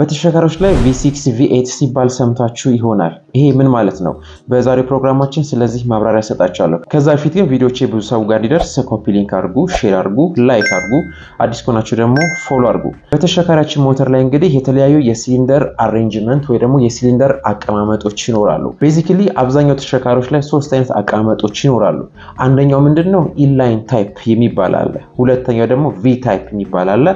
በተሽከርካሪዎች ላይ ቪ6 ቪ8 ሲባል ሰምታችሁ ይሆናል። ይሄ ምን ማለት ነው? በዛሬው ፕሮግራማችን ስለዚህ ማብራሪያ ሰጣቸዋለሁ። ከዛ በፊት ግን ቪዲዮቼ ብዙ ሰው ጋር እንዲደርስ ኮፒ ሊንክ አድርጉ፣ ሼር አድርጉ፣ ላይክ አድርጉ፣ አዲስ ከሆናችሁ ደግሞ ፎሎ አድርጉ። በተሽከርካሪያችን ሞተር ላይ እንግዲህ የተለያዩ የሲሊንደር አሬንጅመንት ወይ ደግሞ የሲሊንደር አቀማመጦች ይኖራሉ። ቤዚክሊ አብዛኛው ተሽከርካሪዎች ላይ ሶስት አይነት አቀማመጦች ይኖራሉ። አንደኛው ምንድን ነው ኢንላይን ታይፕ የሚባል አለ። ሁለተኛው ደግሞ ቪ ታይፕ የሚባል አለ።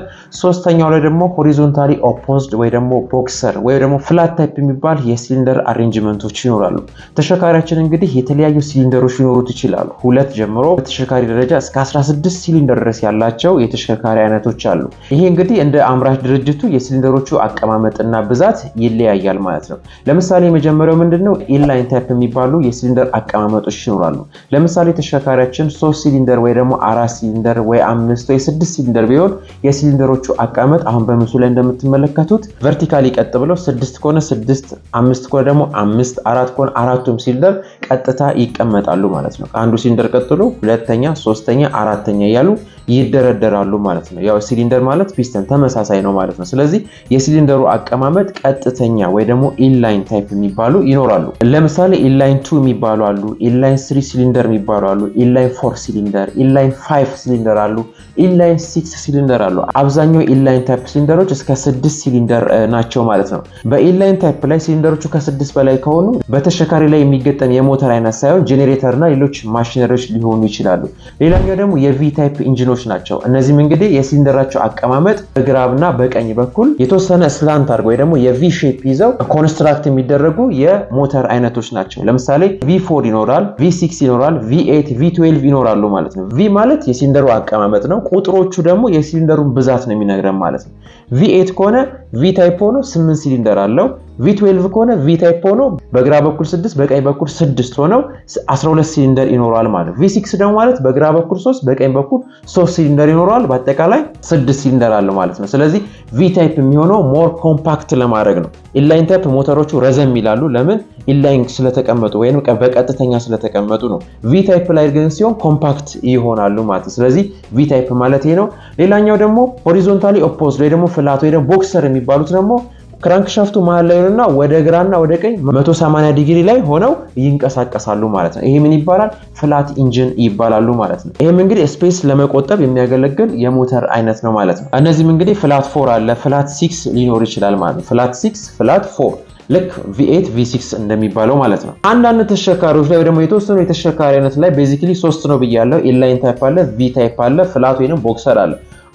ሶስተኛው ላይ ደግሞ ሆሪዞንታሊ ኦፖዝድ ወይ ደግሞ ቦክሰር ወይ ደግሞ ፍላት ታይፕ የሚባል የሲሊንደር አሬንጅመንት ኢንስትሩሜንቶች ይኖራሉ። ተሽከርካሪያችን እንግዲህ የተለያዩ ሲሊንደሮች ሊኖሩት ይችላሉ። ሁለት ጀምሮ በተሽከርካሪ ደረጃ እስከ 16 ሲሊንደር ድረስ ያላቸው የተሽከርካሪ አይነቶች አሉ። ይሄ እንግዲህ እንደ አምራች ድርጅቱ የሲሊንደሮቹ አቀማመጥና ብዛት ይለያያል ማለት ነው። ለምሳሌ የመጀመሪያው ምንድን ነው ኢንላይን ታይፕ የሚባሉ የሲሊንደር አቀማመጦች ይኖራሉ። ለምሳሌ ተሽከርካሪያችን ሶስት ሲሊንደር ወይ ደግሞ አራት ሲሊንደር ወይ አምስት ወይ ስድስት ሲሊንደር ቢሆን የሲሊንደሮቹ አቀማመጥ አሁን በምስሉ ላይ እንደምትመለከቱት ቨርቲካሊ ቀጥ ብለው ስድስት ከሆነ ስድስት፣ አምስት ከሆነ ደግሞ አምስት አራት ከሆነ አራቱም ሲልደር ቀጥታ ይቀመጣሉ ማለት ነው። አንዱ ሲሊንደር ቀጥሎ ሁለተኛ፣ ሶስተኛ፣ አራተኛ እያሉ ይደረደራሉ ማለት ነው። ያው ሲሊንደር ማለት ፒስተን ተመሳሳይ ነው ማለት ነው። ስለዚህ የሲሊንደሩ አቀማመጥ ቀጥተኛ ወይ ደግሞ ኢንላይን ታይፕ የሚባሉ ይኖራሉ። ለምሳሌ ኢንላይን ቱ የሚባሉ አሉ፣ ኢንላይን ስሪ ሲሊንደር የሚባሉ አሉ፣ ኢንላይን ፎር ሲሊንደር፣ ኢንላይን ፋይቭ ሲሊንደር አሉ፣ ኢንላይን ሲክስ ሲሊንደር አሉ። አብዛኛው ኢንላይን ታይፕ ሲሊንደሮች እስከ ስድስት ሲሊንደር ናቸው ማለት ነው። በኢንላይን ታይፕ ላይ ሲሊንደሮቹ ከስድስት በላይ ከሆኑ በተሽከርካሪ ላይ የሚገጠም የሞተር አይነት ሳይሆን ጄኔሬተር ሌሎች ማሽነሪዎች ሊሆኑ ይችላሉ። ሌላኛው ደግሞ የቪ ታይፕ ኢንጂኖች ናቸው። እነዚህም እንግዲህ የሲሊንደራቸው አቀማመጥ በግራብና በቀኝ በኩል የተወሰነ ስላንት አድርገው ወይ ደግሞ የቪ ሼፕ ይዘው ኮንስትራክት የሚደረጉ የሞተር አይነቶች ናቸው። ለምሳሌ ቪ ፎር ይኖራል፣ ሲክስ ይኖራል፣ ኤት፣ ቪ ቪ12 ይኖራሉ ማለት ነው። ቪ ማለት የሲሊንደሩ አቀማመጥ ነው። ቁጥሮቹ ደግሞ የሲሊንደሩን ብዛት ነው የሚነግረን ማለት ነው። ኤት ከሆነ ቪ ታይፕ ሆኖ ስምንት ሲሊንደር አለው። ቪ12 ከሆነ ቪ ታይፕ ሆኖ በግራ በኩል 6 በቀኝ በኩል 6 ሆነው 12 ሲሊንደር ይኖረዋል ማለት። ቪ6 ደግሞ ማለት በግራ በኩል 3 በቀኝ በኩል 3 ሲሊንደር ይኖረዋል። በአጠቃላይ 6 ሲሊንደር አለ ማለት ነው። ስለዚህ ቪ ታይፕ የሚሆነው ሞር ኮምፓክት ለማድረግ ነው። ኢንላይን ታይፕ ሞተሮቹ ረዘም ይላሉ። ለምን? ኢንላይን ስለተቀመጡ ወይም በቀጥተኛ ስለተቀመጡ ነው። ቪ ታይፕ ላይ ግን ሲሆን ኮምፓክት ይሆናሉ ማለት ነው። ስለዚህ ቪ ታይፕ ማለት ይሄ ነው። ሌላኛው ደግሞ ሆሪዞንታሊ ኦፖዝድ ወይ ደግሞ ፍላት ወይ ደግሞ ቦክሰር የሚባሉት ደግሞ ክራንክሻፍቱ መሀል ላይ እና ወደ ግራና ወደ ቀኝ 180 ዲግሪ ላይ ሆነው ይንቀሳቀሳሉ ማለት ነው። ይሄ ምን ይባላል? ፍላት ኢንጂን ይባላሉ ማለት ነው። ይህም እንግዲህ ስፔስ ለመቆጠብ የሚያገለግል የሞተር አይነት ነው ማለት ነው። እነዚህም እንግዲህ ፍላት ፎር አለ፣ ፍላት ሲክስ ሊኖር ይችላል ማለት ነው። ፍላት ሲክስ፣ ፍላት ፎር ልክ V6 እንደሚባለው ማለት ነው። አንዳንድ ተሽከርካሪዎች ላይ ደግሞ የተወሰኑ የተሽከርካሪ አይነት ላይ ቤዚክሊ ሶስት ነው ብያለው። ኢንላይን ታይፕ አለ፣ ቪ ታይፕ አለ፣ ፍላት ወይም ቦክሰር አለ።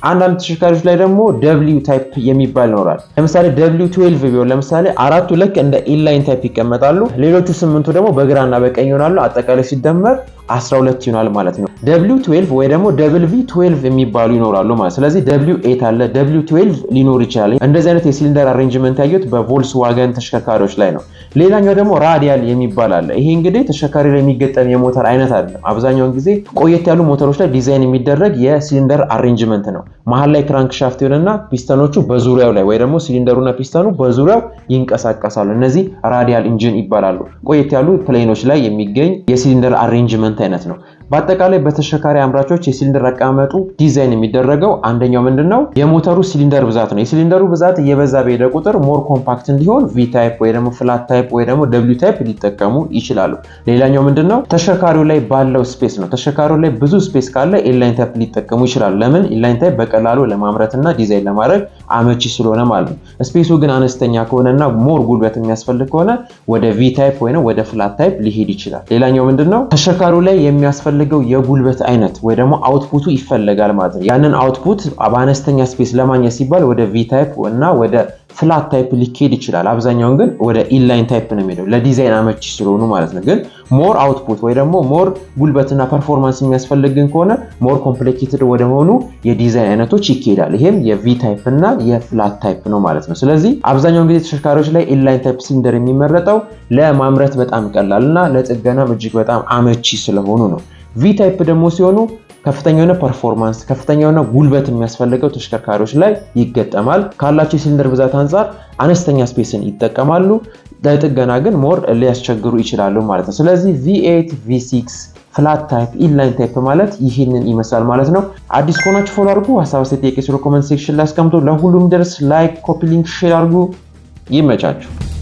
አንዳንድ ተሽከርካሪዎች ላይ ደግሞ ደብሊው ታይፕ የሚባል ይኖራል። ለምሳሌ ደብሊው 12 ቢሆን ለምሳሌ አራቱ ልክ እንደ ኢንላይን ታይፕ ይቀመጣሉ። ሌሎቹ ስምንቱ ደግሞ በግራና በቀኝ ይሆናሉ። አጠቃላይ ሲደመር 12 ይሆናል ማለት ነው። ደብሊው 12 ወይ ደግሞ ደብል ቪ 12 የሚባሉ ይኖራሉ ማለት ስለዚህ ደብሊው 8 አለ፣ ደብሊው 12 ሊኖር ይችላል። እንደዚህ አይነት የሲሊንደር አሬንጅመንት ያዩት በቮልስዋገን ተሽከርካሪዎች ላይ ነው። ሌላኛው ደግሞ ራዲያል የሚባል አለ። ይሄ እንግዲህ ተሽከርካሪ ላይ የሚገጠም የሞተር አይነት አይደለም። አብዛኛውን ጊዜ ቆየት ያሉ ሞተሮች ላይ ዲዛይን የሚደረግ የሲሊንደር አሬንጅመንት ነው። መሀል ላይ ክራንክ ሻፍት ይሆንና ፒስተኖቹ በዙሪያው ላይ ወይ ደግሞ ሲሊንደሩና ፒስተኑ በዙሪያው ይንቀሳቀሳሉ። እነዚህ ራዲያል ኢንጂን ይባላሉ። ቆየት ያሉ ፕሌኖች ላይ የሚገኝ የሲሊንደር አሬንጅመንት አይነት ነው። በአጠቃላይ በተሽከርካሪ አምራቾች የሲሊንደር አቀማመጡ ዲዛይን የሚደረገው አንደኛው ምንድን ነው የሞተሩ ሲሊንደር ብዛት ነው። የሲሊንደሩ ብዛት እየበዛ በሄደ ቁጥር ሞር ኮምፓክት እንዲሆን ቪ ታይፕ ወይ ደግሞ ፍላት ታይፕ ወይ ደግሞ ደብሊው ታይፕ ሊጠቀሙ ይችላሉ። ሌላኛው ምንድን ነው ተሽከርካሪው ላይ ባለው ስፔስ ነው። ተሽከርካሪው ላይ ብዙ ስፔስ ካለ ኢንላይን ታይፕ ሊጠቀሙ ይችላሉ። ለምን ኢንላይን ታይፕ በቀላሉ ለማምረትና ዲዛይን ለማድረግ አመቺ ስለሆነ ማለት ነው። ስፔሱ ግን አነስተኛ ከሆነና ሞር ጉልበት የሚያስፈልግ ከሆነ ወደ ቪ ታይፕ ወይም ወደ ፍላት ታይፕ ሊሄድ ይችላል። ሌላኛው ምንድን ነው ተሽከርካሪው ላይ የሚያስፈልገው የጉልበት አይነት ወይ ደግሞ አውትፑቱ ይፈለጋል ማለት ነው። ያንን አውትፑት በአነስተኛ ስፔስ ለማግኘት ሲባል ወደ ቪ ታይፕ እና ወደ ፍላት ታይፕ ሊኬድ ይችላል። አብዛኛውን ግን ወደ ኢንላይን ታይፕ ነው የሚሄደው ለዲዛይን አመቺ ስለሆኑ ማለት ነው። ግን ሞር አውትፑት ወይ ደግሞ ሞር ጉልበትና ፐርፎርማንስ የሚያስፈልግን ከሆነ ሞር ኮምፕሊኬትድ ወደሆኑ የዲዛይን አይነቶች ይኬዳል። ይሄም የቪ ታይፕ እና የፍላት ታይፕ ነው ማለት ነው። ስለዚህ አብዛኛውን ጊዜ ተሽከርካሪዎች ላይ ኢንላይን ታይፕ ሲሊንደር የሚመረጠው ለማምረት በጣም ቀላል እና ለጥገናም እጅግ በጣም አመቺ ስለሆኑ ነው። ቪ ታይፕ ደግሞ ሲሆኑ ከፍተኛ የሆነ ፐርፎርማንስ ከፍተኛ የሆነ ጉልበት የሚያስፈልገው ተሽከርካሪዎች ላይ ይገጠማል። ካላቸው የሲሊንደር ብዛት አንጻር አነስተኛ ስፔስን ይጠቀማሉ። ለጥገና ግን ሞር ሊያስቸግሩ ይችላሉ ማለት ነው። ስለዚህ ቪ8 ቪኤት፣ 6 ፍላት ታይፕ፣ ኢንላይን ታይፕ ማለት ይህንን ይመስላል ማለት ነው። አዲስ ከሆናችሁ ፎሎ አድርጉ። ሀሳብ አስተያየት፣ ጥያቄ ስለ ኮመንት ሴክሽን ላይ አስቀምጡ። ለሁሉም ደርስ ላይክ፣ ኮፒ ሊንክ፣ ሼር አድርጉ። ይመቻችሁ።